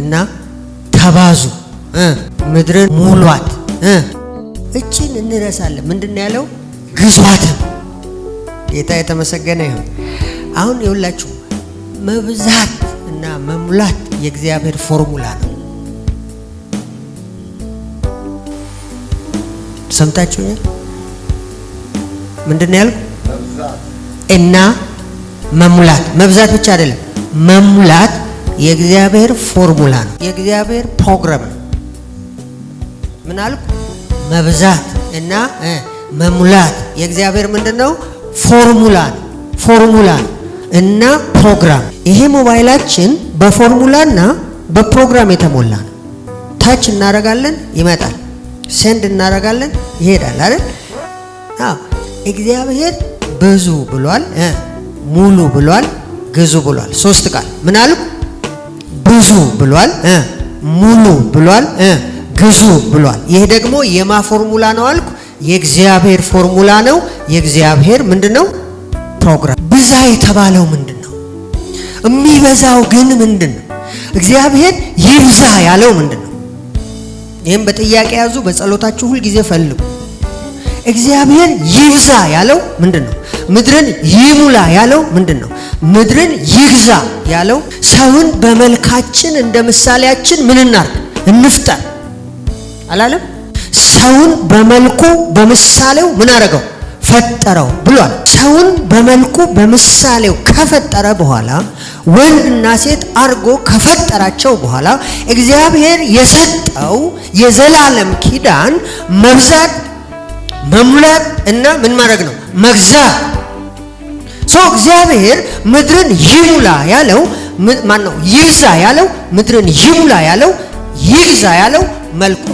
እና ተባዙ ምድርን ሙሏት። እቺን እንረሳለን። ምንድን ያለው? ግዟትም። ጌታ የተመሰገነ ይሁን። አሁን የሁላችሁ መብዛት እና መሙላት የእግዚአብሔር ፎርሙላ ነው። ሰምታችሁ ምንድን ነው ያልኩ? እና መሙላት መብዛት ብቻ አይደለም መሙላት የእግዚአብሔር ፎርሙላ ነው፣ የእግዚአብሔር ፕሮግራም ነው። ምን አልኩ? መብዛት እና መሙላት የእግዚአብሔር ምንድን ነው? ፎርሙላ ነው። ፎርሙላ እና ፕሮግራም። ይሄ ሞባይላችን በፎርሙላና በፕሮግራም የተሞላ ነው። ታች እናደርጋለን፣ ይመጣል። ሴንድ እናደርጋለን፣ ይሄዳል አይደል? አዎ እግዚአብሔር ብዙ ብሏል፣ ሙሉ ብሏል፣ ግዙ ብሏል። ሶስት ቃል ምን አልኩ? ግዙ ብሏል፣ ሙሉ ብሏል፣ ግዙ ብሏል። ይህ ደግሞ የማ ፎርሙላ ነው አልኩ? የእግዚአብሔር ፎርሙላ ነው። የእግዚአብሔር ምንድን ነው ፕሮግራም። ብዛ የተባለው ምንድን ነው? የሚበዛው ግን ምንድን ነው? እግዚአብሔር ይብዛ ያለው ምንድን ነው? ይህም በጥያቄ ያዙ፣ በጸሎታችሁ ሁል ጊዜ ፈልጉ። እግዚአብሔር ይብዛ ያለው ምንድን ነው? ምድርን ይሙላ ያለው ምንድን ነው? ምድርን ይግዛ ያለው ሰውን በመልካችን እንደ ምሳሌያችን ምን እናርግ እንፍጠር አላለም። ሰውን በመልኩ በምሳሌው ምን አረገው ፈጠረው ብሏል። ሰውን በመልኩ በምሳሌው ከፈጠረ በኋላ ወንድና ሴት አርጎ ከፈጠራቸው በኋላ እግዚአብሔር የሰጠው የዘላለም ኪዳን መብዛት መሙላት እና ምን ማድረግ ነው መግዛት ሰው እግዚአብሔር ምድርን ይሙላ ያለው ማን ነው? ይግዛ ያለው ምድርን ይሙላ ያለው ይግዛ ያለው መልኩ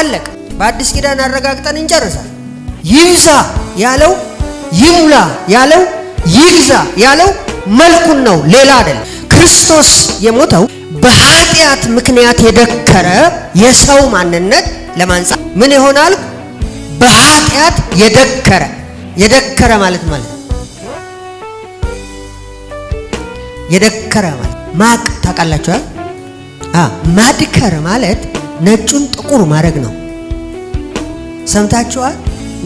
አለቀ። በአዲስ ኪዳን አረጋግጠን እንጨርሳል። ይግዛ ያለው ይሙላ ያለው ይግዛ ያለው መልኩን ነው፣ ሌላ አይደለም። ክርስቶስ የሞተው በኃጢአት ምክንያት የደከረ የሰው ማንነት ለማንጻት ምን ይሆናል? በኃጢአት የደከረ የደከረ ማለት ማለት የደከረ ማለት ማቅ ታውቃላችኋል። ማድከር ማለት ነጩን ጥቁር ማድረግ ነው። ሰምታችኋል።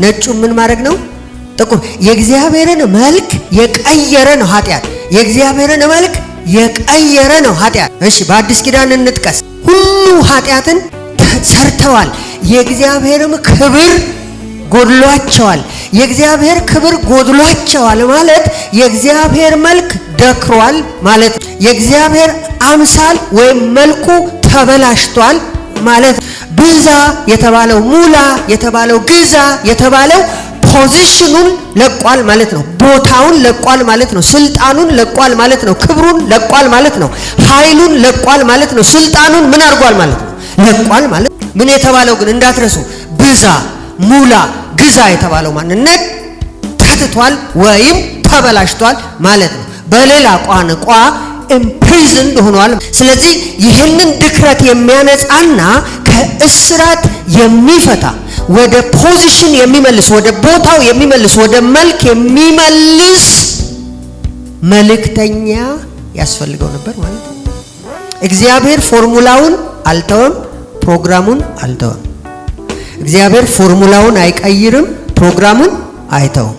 ነጩን ምን ማድረግ ነው? ጥቁር። የእግዚአብሔርን መልክ የቀየረ ነው ኃጢአት። የእግዚአብሔርን መልክ የቀየረ ነው ኃጢአት። እሺ፣ በአዲስ ኪዳን እንጥቀስ። ሁሉ ኃጢአትን ሰርተዋል፣ የእግዚአብሔርም ክብር ጎድሏቸዋል። የእግዚአብሔር ክብር ጎድሏቸዋል ማለት የእግዚአብሔር መልክ ደክሯል ማለት ነው። የእግዚአብሔር አምሳል ወይም መልኩ ተበላሽቷል ማለት ነው። ብዛ የተባለው ሙላ የተባለው ግዛ የተባለው ፖዚሽኑን ለቋል ማለት ነው። ቦታውን ለቋል ማለት ነው። ስልጣኑን ለቋል ማለት ነው። ክብሩን ለቋል ማለት ነው። ኃይሉን ለቋል ማለት ነው። ስልጣኑን ምን አድርጓል ማለት ነው? ለቋል ማለት ምን የተባለው ግን እንዳትረሱ ብዛ ሙላ፣ ግዛ የተባለው ማንነት ተትቷል ወይም ተበላሽቷል ማለት ነው። በሌላ ቋንቋ ኢምፕሪዝንድ ሆኗል። ስለዚህ ይህንን ድክረት የሚያነጻና ከእስራት የሚፈታ ወደ ፖዚሽን የሚመልስ ወደ ቦታው የሚመልስ ወደ መልክ የሚመልስ መልእክተኛ ያስፈልገው ነበር ማለት ነው። እግዚአብሔር ፎርሙላውን አልተወም፣ ፕሮግራሙን አልተወም። እግዚአብሔር ፎርሙላውን አይቀይርም፣ ፕሮግራሙን አይተውም።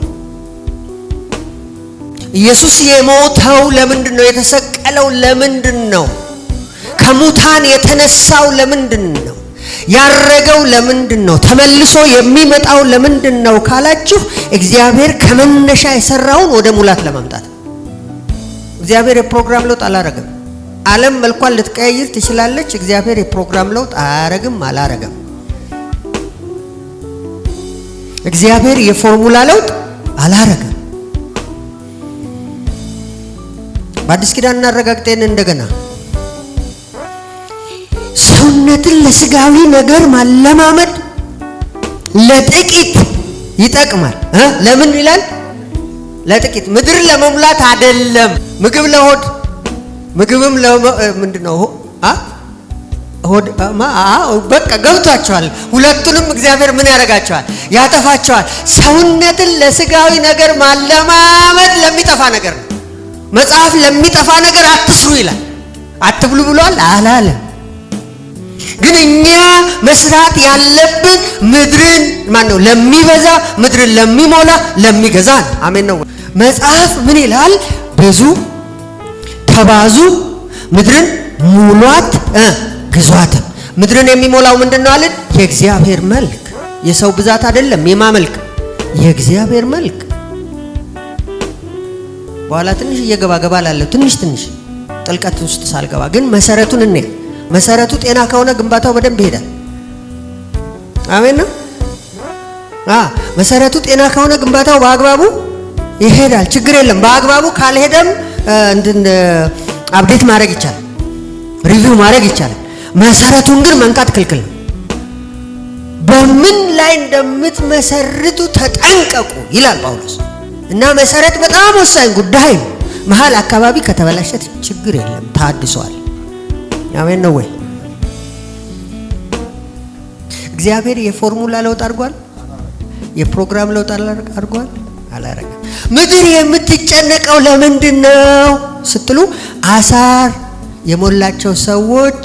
ኢየሱስ የሞተው ለምንድን ነው? የተሰቀለው ለምንድን ነው? ከሙታን የተነሳው ለምንድን ነው? ያረገው ለምንድን ነው? ተመልሶ የሚመጣው ለምንድን ነው ካላችሁ እግዚአብሔር ከመነሻ የሰራውን ወደ ሙላት ለማምጣት እግዚአብሔር የፕሮግራም ለውጥ አላረገም። ዓለም መልኳን ልትቀያይር ትችላለች። እግዚአብሔር የፕሮግራም ለውጥ አያረግም፣ አላረገም። እግዚአብሔር የፎርሙላ ለውጥ አላረገም። በአዲስ ኪዳን እናረጋግጠን እንደገና ሰውነትን ለስጋዊ ነገር ማለማመድ ለጥቂት ይጠቅማል። ለምን ይላል? ለጥቂት ምድር ለመሙላት አይደለም። ምግብ ለሆድ ምግብም ምንድን ነው? በቃ ገብቷቸዋል። ሁለቱንም እግዚአብሔር ምን ያደርጋቸዋል? ያጠፋቸዋል። ሰውነትን ለስጋዊ ነገር ማለማመድ ለሚጠፋ ነገር ነው። መጽሐፍ ለሚጠፋ ነገር አትስሩ ይላል። አትብሉ ብሏል አላለም። ግን እኛ መስራት ያለብን ምድርን ማን ነው? ለሚበዛ ምድርን ለሚሞላ ለሚገዛ ነው። አሜን ነው። መጽሐፍ ምን ይላል? ብዙ ተባዙ፣ ምድርን ሙሏት ግዟትም ምድርን የሚሞላው ምንድን ነው አለን? የእግዚአብሔር መልክ። የሰው ብዛት አይደለም። የማ መልክ? የእግዚአብሔር መልክ። በኋላ ትንሽ እየገባ ገባ ላለው ትንሽ ትንሽ ጥልቀት ውስጥ ሳልገባ ግን መሰረቱን እኔ መሰረቱ ጤና ከሆነ ግንባታው በደንብ ይሄዳል። አሜን ነው። መሰረቱ ጤና ከሆነ ግንባታው በአግባቡ ይሄዳል። ችግር የለም። በአግባቡ ካልሄደም አብዴት ማድረግ ይቻላል፣ ሪቪው ማድረግ ይቻላል። መሰረቱን ግን መንካት ክልክል ነው። በምን ላይ እንደምትመሰርቱ ተጠንቀቁ ይላል ጳውሎስ። እና መሰረት በጣም ወሳኝ ጉዳይ ነው። መሀል አካባቢ ከተበላሸት ችግር የለም፣ ታድሷል። አሜን ነው ወይ? እግዚአብሔር የፎርሙላ ለውጥ አድርጓል፣ የፕሮግራም ለውጥ አድርጓል። አላረገም። ምድር የምትጨነቀው ለምንድን ነው ስትሉ አሳር የሞላቸው ሰዎች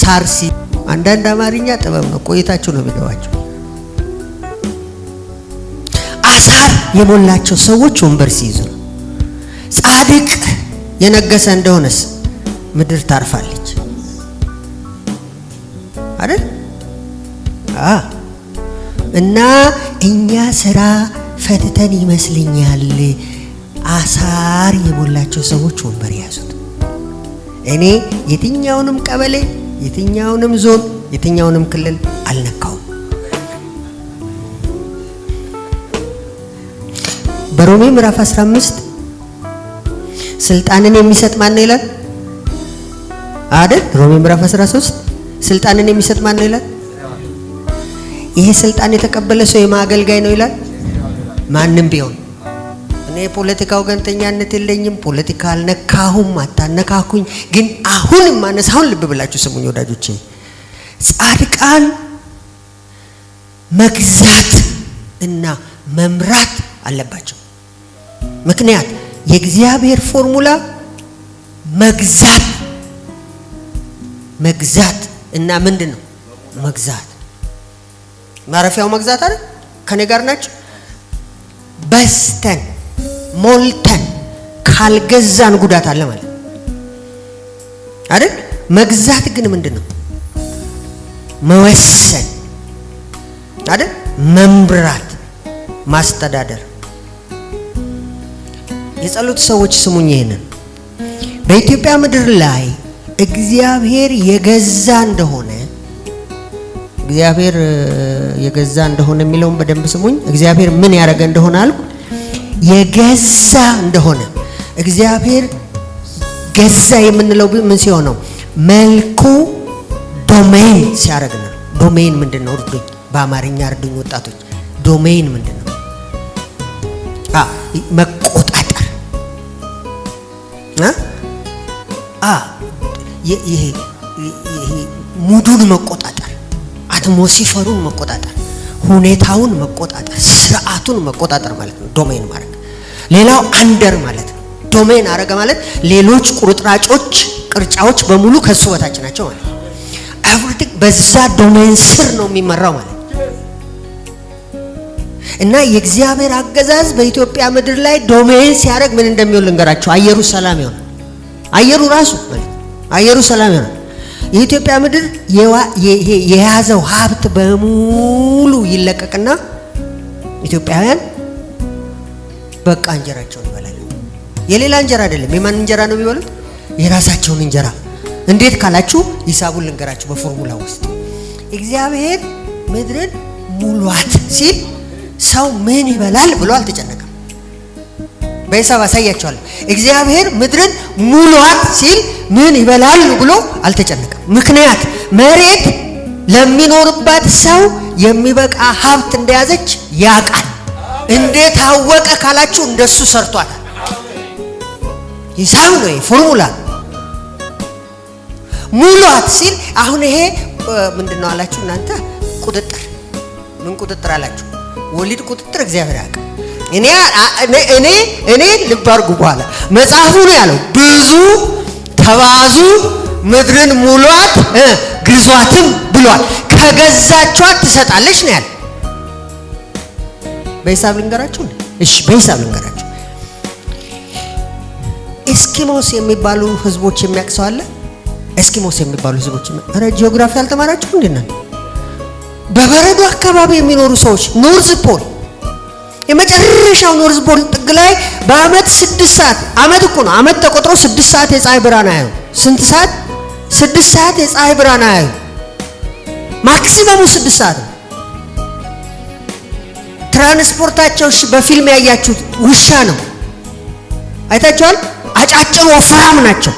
ሳርሲ አንዳንድ አማርኛ ጥበብ ነው። ቆይታችሁ ነው የሚገባቸው። አሳር የሞላቸው ሰዎች ወንበር ሲይዙ ነው። ጻድቅ የነገሰ እንደሆነስ ምድር ታርፋለች አይደል? እና እኛ ስራ ፈትተን ይመስልኛል። አሳር የሞላቸው ሰዎች ወንበር ያዙት። እኔ የትኛውንም ቀበሌ የትኛውንም ዞን የትኛውንም ክልል አልነካውም። በሮሜ ምዕራፍ 15 ስልጣንን የሚሰጥ ማን ነው ይላል አይደል? ሮሜ ምዕራፍ 13 ስልጣንን የሚሰጥ ማን ነው ይላል? ይሄ ስልጣን የተቀበለ ሰው የማገልጋይ ነው ይላል። ማንም ቢሆን እኔ የፖለቲካ ወገንተኛነት የለኝም፣ ፖለቲካ አልነካሁም፣ አታነካኩኝ። ግን አሁን የማነሳውን ልብ ብላችሁ ስሙኝ ወዳጆቼ፣ ጻድቃን መግዛት እና መምራት አለባቸው። ምክንያት የእግዚአብሔር ፎርሙላ መግዛት መግዛት እና ምንድን ነው መግዛት? ማረፊያው መግዛት አይደል? ከኔ ጋር ናቸው በስተን ሞልተን ካልገዛን ጉዳት አለ ማለት አይደል? መግዛት ግን ምንድን ነው? መወሰን አይደል? መምራት፣ ማስተዳደር። የጸሎት ሰዎች ስሙኝ ይሄንን በኢትዮጵያ ምድር ላይ እግዚአብሔር የገዛ እንደሆነ እግዚአብሔር የገዛ እንደሆነ የሚለውን በደንብ ስሙኝ። እግዚአብሔር ምን ያደረገ እንደሆነ አልኩ የገዛ እንደሆነ እግዚአብሔር ገዛ የምንለው ምን ሲሆን ነው? መልኩ ዶሜን ሲያደርግ ነው። ዶሜን ምንድን ነው? እርዱኝ፣ በአማርኛ እርዱኝ ወጣቶች። ዶሜን ምንድን ነው? መቆጣጠር ሙዱን መቆጣጠር፣ አትሞሲፈሩን መቆጣጠር፣ ሁኔታውን መቆጣጠር፣ ስርዓቱን መቆጣጠር ማለት ነው ዶሜን ማለት ሌላው አንደር ማለት ነው። ዶሜን አረገ ማለት ሌሎች ቁርጥራጮች፣ ቅርጫዎች በሙሉ ከሱ በታች ናቸው ማለት ነው። ኤቭሪቲንግ በዛ ዶሜን ስር ነው የሚመራው ማለት ነው። እና የእግዚአብሔር አገዛዝ በኢትዮጵያ ምድር ላይ ዶሜን ሲያደርግ ምን እንደሚሆን ልንገራቸው። አየሩ ሰላም ይሆናል። አየሩ ራሱ ማለት አየሩ ሰላም ይሆናል። የኢትዮጵያ ምድር የያዘው ሀብት በሙሉ ይለቀቅና ኢትዮጵያውያን በቃ እንጀራቸውን ይበላሉ። የሌላ እንጀራ አይደለም። የማን እንጀራ ነው የሚበሉት? የራሳቸውን እንጀራ። እንዴት ካላችሁ ሂሳቡን ልንገራችሁ። በፎርሙላ ውስጥ እግዚአብሔር ምድርን ሙሏት ሲል ሰው ምን ይበላል ብሎ አልተጨነቀም። በሂሳብ አሳያቸዋለሁ። እግዚአብሔር ምድርን ሙሏት ሲል ምን ይበላል ብሎ አልተጨነቀም። ምክንያት መሬት ለሚኖርባት ሰው የሚበቃ ሀብት እንደያዘች ያውቃል። እንዴት አወቀ ካላችሁ እንደሱ ሰርቷል። ሂሳብ ነው ፎርሙላ። ሙሏት ሲል አሁን ይሄ ምንድን ነው አላችሁ እናንተ ቁጥጥር ምን ቁጥጥር አላችሁ? ወሊድ ቁጥጥር እግዚአብሔር ያውቅ። እኔ እኔ እኔ ልብ አድርጉ። በኋላ መጽሐፉ ነው ያለው ብዙ ተባዙ ምድርን ሙሏት ግዟትም ብሏል። ከገዛቿት ትሰጣለች ነው ያለው። በሂሳብ ልንገራችሁ። እሺ በሂሳብ ልንገራችሁ። ኤስኪሞስ የሚባሉ ህዝቦች የሚያቅሰው አለ። ኤስኪሞስ የሚባሉ ህዝቦች ረ ጂኦግራፊ አልተማራችሁ? እንዴና? በበረዶ አካባቢ የሚኖሩ ሰዎች ኖርዝ ፖል የመጨረሻው ኖርዝ ፖል ጥግ ላይ በአመት ስድስት ሰዓት አመት እኮ ነው አመት ተቆጥሮ ስድስት ሰዓት የፀሐይ ብርሃን አያዩ። ስንት ሰዓት? ስድስት ሰዓት የፀሐይ ብርሃን አያዩ። ማክሲመሙ ስድስት ሰዓት ነው። ትራንስፖርታቸው በፊልም ያያችሁት ውሻ ነው። አይታችኋል። አጫጭር ወፍራም ናቸው።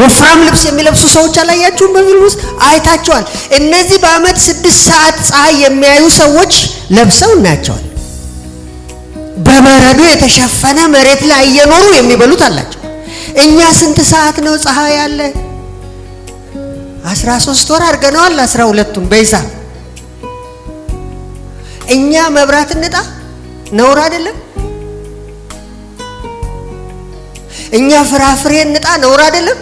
ወፍራም ልብስ የሚለብሱ ሰዎች አላያችሁም? በፊልም ውስጥ አይታችኋል። እነዚህ በአመት ስድስት ሰዓት ፀሐይ የሚያዩ ሰዎች ለብሰው እናያቸዋል። በበረዶ የተሸፈነ መሬት ላይ እየኖሩ የሚበሉት አላቸው። እኛ ስንት ሰዓት ነው ፀሐይ ያለ? አስራ ሶስት ወር አድርገነዋል። አስራ ሁለቱን በሂሳብ እኛ መብራት እንጣ ነውር አይደለም። እኛ ፍራፍሬ እንጣ ነውር አይደለም።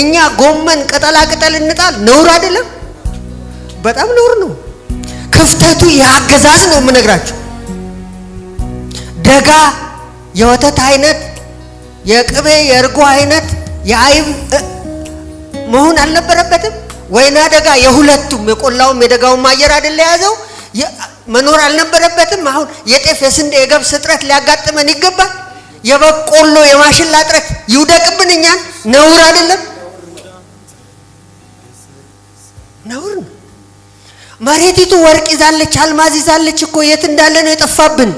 እኛ ጎመን ቅጠላ ቅጠል እንጣ ነውር አይደለም። በጣም ነውር ነው። ክፍተቱ የአገዛዝ ነው የምነግራቸው። ደጋ የወተት አይነት የቅቤ የእርጎ አይነት የአይብ መሆን አልነበረበትም። ወይና ደጋ የሁለቱም የቆላውም የደጋውም አየር አይደለ የያዘው መኖር አልነበረበትም። አሁን የጤፍ የስንዴ የገብስ እጥረት ሊያጋጥመን ይገባል። የበቆሎ የማሽላ እጥረት ይውደቅብን እኛን ነውር አይደለም፣ ነውር ነው። መሬቲቱ ወርቅ ይዛለች፣ አልማዝ ይዛለች እኮ የት እንዳለ ነው የጠፋብን።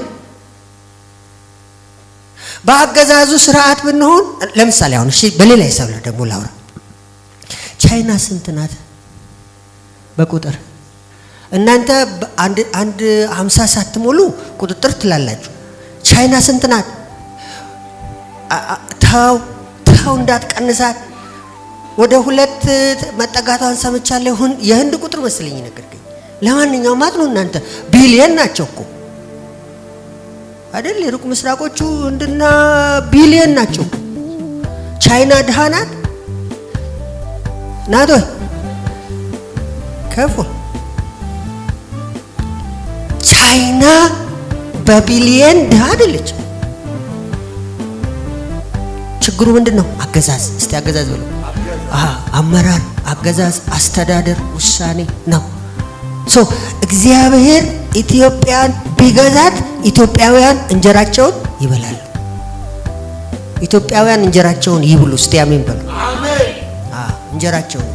በአገዛዙ ስርዓት ብንሆን ለምሳሌ አሁን እሺ፣ በሌላ ሂሳብ ደግሞ ላውራ። ቻይና ስንት ናት በቁጥር እናንተ አንድ ሀምሳ ሳትሞሉ ቁጥጥር ትላላችሁ። ቻይና ስንት ናት? ተው ተው እንዳትቀንሳት ወደ ሁለት መጠጋቷን ሰምቻለሁ። የህንድ ቁጥር መስለኝ ነገር ግን ለማንኛውም ማጥኑ እናንተ ቢሊየን ናቸው እኮ አይደል? የሩቅ ምስራቆቹ ህንድና ቢሊየን ናቸው። ቻይና ድሃ ናት ናት ወይ ከፎ ቻይና በቢሊየን ድሃ አይደለች። ችግሩ ምንድን ነው? አገዛዝ። እስቲ አገዛዝ ብለው አመራር፣ አገዛዝ፣ አስተዳደር፣ ውሳኔ ነው። ሶ እግዚአብሔር ኢትዮጵያን ቢገዛት ኢትዮጵያውያን እንጀራቸውን ይበላሉ። ኢትዮጵያውያን እንጀራቸውን ይብሉ። እስቲ አሜን በሉ። እንጀራቸውን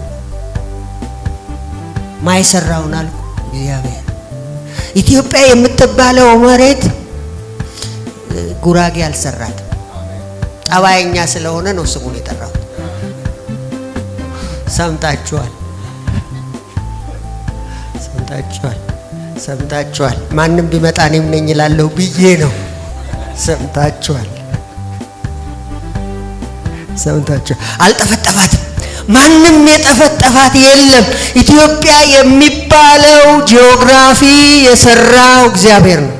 ማይሰራውን አልኩ እግዚአብሔር ኢትዮጵያ የምትባለው መሬት ጉራጌ አልሰራት። ጠባይኛ ስለሆነ ነው ስሙን የጠራሁት። ሰምታችኋል፣ ሰምታችኋል፣ ሰምታችኋል። ማንም ቢመጣ እኔም ነኝ እላለሁ ብዬ ነው። ሰምታችኋል፣ ሰምታችኋል። አልጠፈጠፋትም ማንም የጠፈጠፋት የለም። ኢትዮጵያ የሚባለው ጂኦግራፊ የሰራው እግዚአብሔር ነው።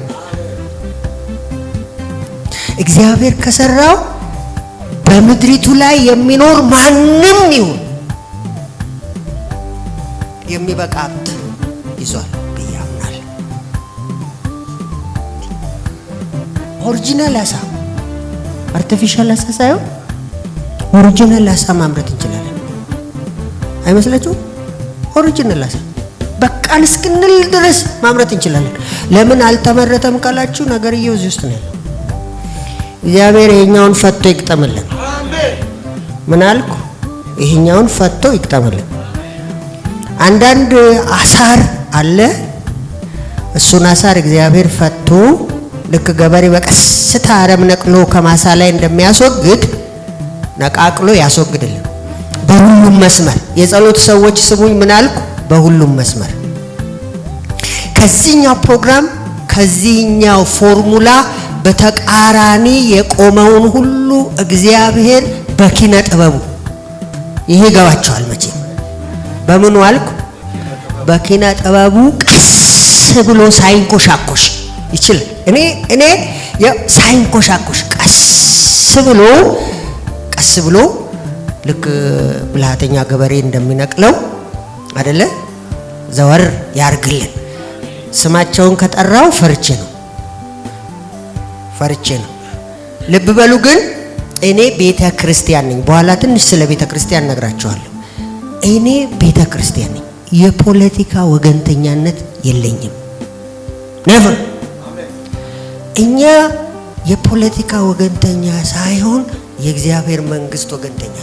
እግዚአብሔር ከሰራው በምድሪቱ ላይ የሚኖር ማንም ይሁን የሚበቃት ይዟል ብዬ አምናለሁ። ኦሪጂናል አሳ፣ አርቲፊሻል አሳ ሳይሆን ኦሪጂናል አሳ ማምረት አይመስላችሁም? ኦሪጂናል አሳ በቃል እስክንል ድረስ ማምረት እንችላለን። ለምን አልተመረተም ካላችሁ ነገርየው እዚህ ውስጥ ነው ያለው። እግዚአብሔር ይሄኛውን ፈቶ ይቅጠምልን ምን አልኩ? ይሄኛውን ፈቶ ይግጠምልን። አንዳንድ አሳር አለ። እሱን አሳር እግዚአብሔር ፈቶ ልክ ገበሬ በቀስታ አረም ነቅሎ ከማሳ ላይ እንደሚያስወግድ ነቃቅሎ ያስወግድልን። በሁሉም መስመር የጸሎት ሰዎች ስሙኝ፣ ምን አልኩ? በሁሉም መስመር ከዚህኛው ፕሮግራም ከዚህኛው ፎርሙላ በተቃራኒ የቆመውን ሁሉ እግዚአብሔር በኪነ ጥበቡ ይሄ ይገባቸዋል። መቼ በምኑ አልኩ? በኪነ ጥበቡ ቀስ ብሎ ሳይንኮሻኮሽ ይችላል። እኔ እኔ ሳይንኮሻኮሽ ቀስ ብሎ ቀስ ብሎ ልክ ብልሃተኛ ገበሬ እንደሚነቅለው አደለ? ዘወር ያርግልን። ስማቸውን ከጠራው ፈርቼ ነው ፈርቼ ነው። ልብ በሉ ግን እኔ ቤተ ክርስቲያን ነኝ። በኋላ ትንሽ ስለ ቤተ ክርስቲያን ነግራችኋለሁ። እኔ ቤተ ክርስቲያን ነኝ። የፖለቲካ ወገንተኛነት የለኝም። ነፍር እኛ የፖለቲካ ወገንተኛ ሳይሆን የእግዚአብሔር መንግስት ወገንተኛ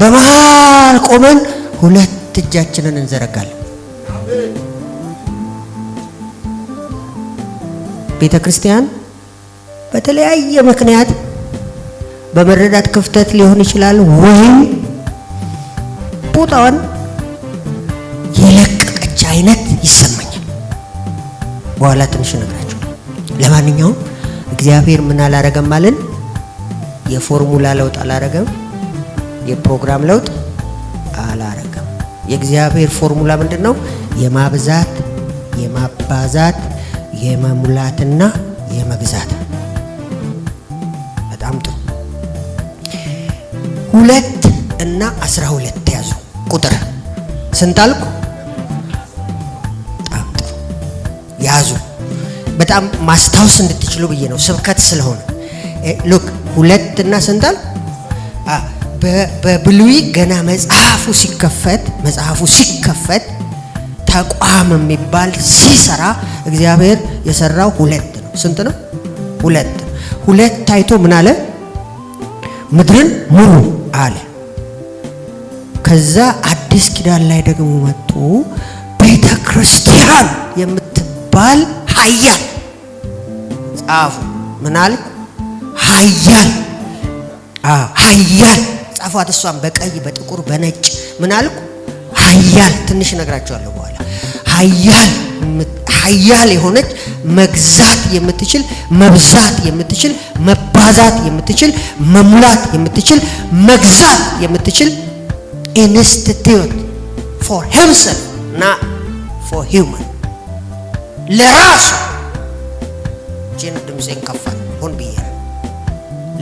በመሃል ቆመን ሁለት እጃችንን እንዘረጋለን። ቤተ ክርስቲያን በተለያየ ምክንያት በመረዳት ክፍተት ሊሆን ይችላል ወይም ቦታዋን የለቀቀች አይነት ይሰማኛል። በኋላ ትንሽ እነግራቸዋለሁ። ለማንኛውም እግዚአብሔር ምን አላረገም አለን? የፎርሙላ ለውጥ አላረገም። የፕሮግራም ለውጥ አላረገም። የእግዚአብሔር ፎርሙላ ምንድን ነው? የማብዛት የማባዛት የመሙላትና የመግዛት። በጣም ጥሩ። ሁለት እና አስራ ሁለት ያዙ። ቁጥር ስንት አልኩ? በጣም ጥሩ ያዙ። በጣም ማስታወስ እንድትችሉ ብዬ ነው፣ ስብከት ስለሆነ ሉክ ሁለት እና ስንት አልኩ? በብሉይ ገና መጽሐፉ ሲከፈት መጽሐፉ ሲከፈት ተቋም የሚባል ሲሰራ እግዚአብሔር የሰራው ሁለት ነው። ስንት ነው? ሁለት ሁለት ታይቶ ምን አለ? ምድርን ሙሉ አለ። ከዛ አዲስ ኪዳን ላይ ደግሞ መጡ። ቤተ ክርስቲያን የምትባል ሀያል ጻፉ። ምን አለ? ሀያል ሀያል ጻፏት። እሷን በቀይ በጥቁር በነጭ ምን አልኩ? ኃያል ትንሽ እነግራቸዋለሁ በኋላ ሀያል ኃያል የሆነች መግዛት የምትችል መብዛት የምትችል መባዛት የምትችል መሙላት የምትችል መግዛት የምትችል ኢንስቲትዩት ፎር ሂምሰልፍ ና ፎር ሂውማን ለራሱ ጅን ድምፄን ከፋል ሆን ብዬ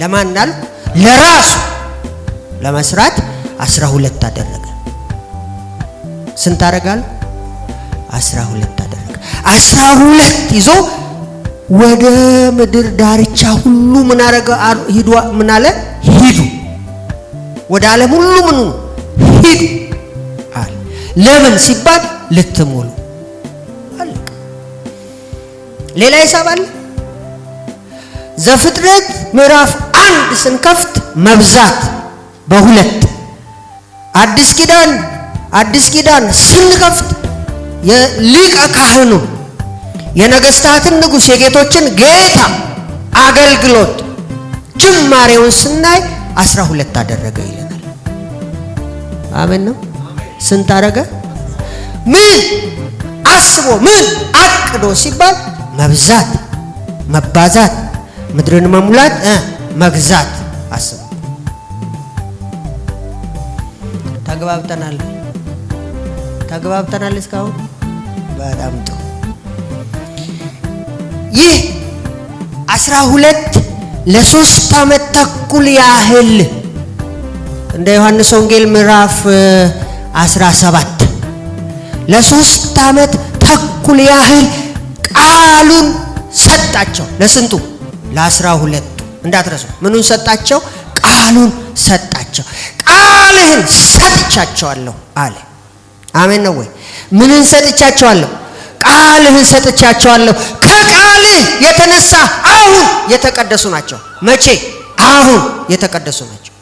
ለማን እንዳልኩ ለራሱ ለመስራት አስራ ሁለት አደረገ። ስንት አደረጋል? አስራ ሁለት አደረገ። አስራ ሁለት ይዞ ወደ ምድር ዳርቻ ሁሉ ምን አረገ? ሂዱ ምን አለ? ሂዱ ወደ ዓለም ሁሉ ምኑ ሂዱ አለ። ለምን ሲባል ልትሞሉ አለቀ። ሌላ ሂሳብ አለ? ዘፍጥረት ምዕራፍ አንድ ስንከፍት መብዛት በሁለት አዲስ ኪዳን አዲስ ኪዳን ስንከፍት የሊቀ ካህኑ የነገስታትን ንጉስ የጌቶችን ጌታ አገልግሎት ጅማሬውን ስናይ አስራ ሁለት አደረገ ይለናል። አሜን ነው። ስንት አደረገ? ምን አስቦ ምን አቅዶ ሲባል መብዛት፣ መባዛት፣ ምድርን መሙላት፣ መግዛት አስቦ ተግባብተናል። ተግባብተናል እስካሁን በጣም ጥሩ። ይህ አስራ ሁለት ለሶስት አመት ተኩል ያህል እንደ ዮሐንስ ወንጌል ምዕራፍ 17 ለሶስት አመት ተኩል ያህል ቃሉን ሰጣቸው። ለስንቱ? ለአስራ ሁለቱ እንዳትረሱ። ምኑን ሰጣቸው? ቃሉን ሰጣቸው። ቃልህን ሰጥቻቸዋለሁ አለ። አሜን ነው ወይ? ምንን ሰጥቻቸዋለሁ? ቃልህን ሰጥቻቸዋለሁ። ከቃልህ የተነሳ አሁን የተቀደሱ ናቸው። መቼ? አሁን የተቀደሱ ናቸው።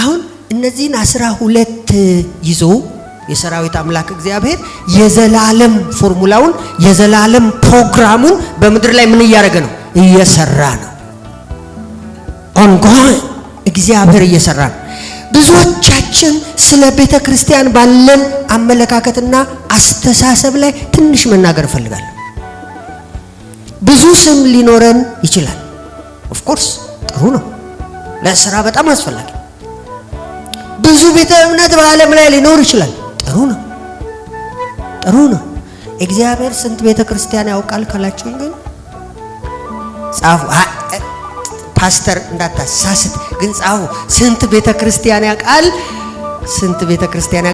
አሁን እነዚህን አስራ ሁለት ይዞ የሰራዊት አምላክ እግዚአብሔር የዘላለም ፎርሙላውን የዘላለም ፕሮግራሙን በምድር ላይ ምን እያደረገ ነው? እየሰራ ነው። ኦንጎ እግዚአብሔር እየሰራ ነው። ብዙዎቻችን ስለ ቤተ ክርስቲያን ባለን አመለካከትና አስተሳሰብ ላይ ትንሽ መናገር እፈልጋለሁ። ብዙ ስም ሊኖረን ይችላል። ኦፍኮርስ ጥሩ ነው፣ ለስራ በጣም አስፈላጊ። ብዙ ቤተ እምነት በዓለም ላይ ሊኖር ይችላል። ጥሩ ነው፣ ጥሩ ነው። እግዚአብሔር ስንት ቤተ ክርስቲያን ያውቃል ካላችሁን ግን ጻፉ ፓስተር እንዳታሳስት ግን ጻፉ። ስንት ቤተ ክርስቲያን ያውቃል? ስንት ቤተ ክርስቲያን